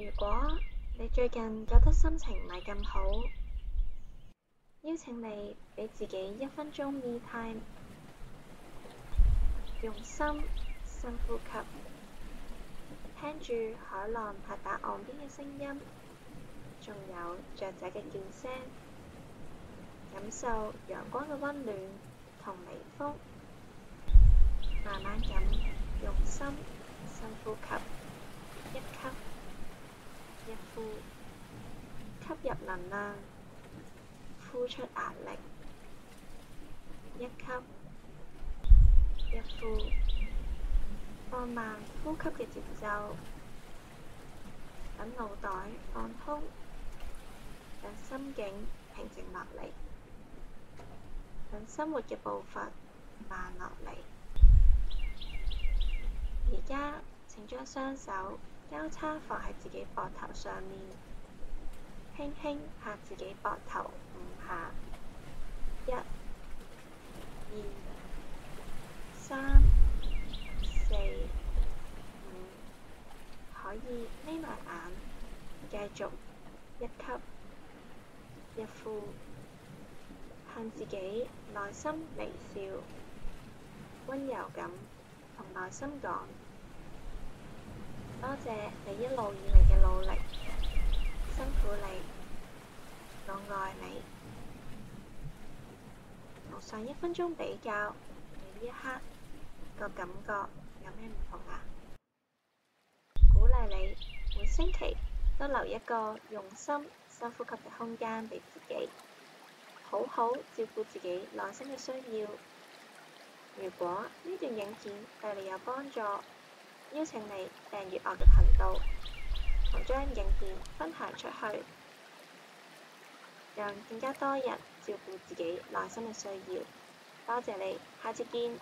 如果你最近覺得心情唔係咁好，邀請你俾自己一分鐘 me time，用心深呼吸，聽住海浪拍打岸邊嘅聲音，仲有雀仔嘅叫聲，感受陽光嘅溫暖同微風，慢慢咁用心深呼吸。吸入能量，呼出壓力。一吸，一呼，放慢呼吸嘅節奏，等腦袋放空，等心境平靜落嚟，等生活嘅步伐慢落嚟。而家，請將雙手交叉放喺自己膊頭上面。輕輕拍自己膊頭五下，一、二、三、四、五，可以眯埋眼，繼續一吸一呼，向自己內心微笑，溫柔咁同內心講，多謝你一路以嚟嘅努力。我愛你。同上一分鐘比較，你呢一刻個感覺有咩唔同啊？鼓勵你，每星期都留一個用心深呼吸嘅空間俾自己，好好照顧自己內心嘅需要。如果呢段影片對你有幫助，邀請你訂閱我嘅頻道。將影片分享出去，讓更加多人照顧自己內心嘅需要。多謝你，下次見。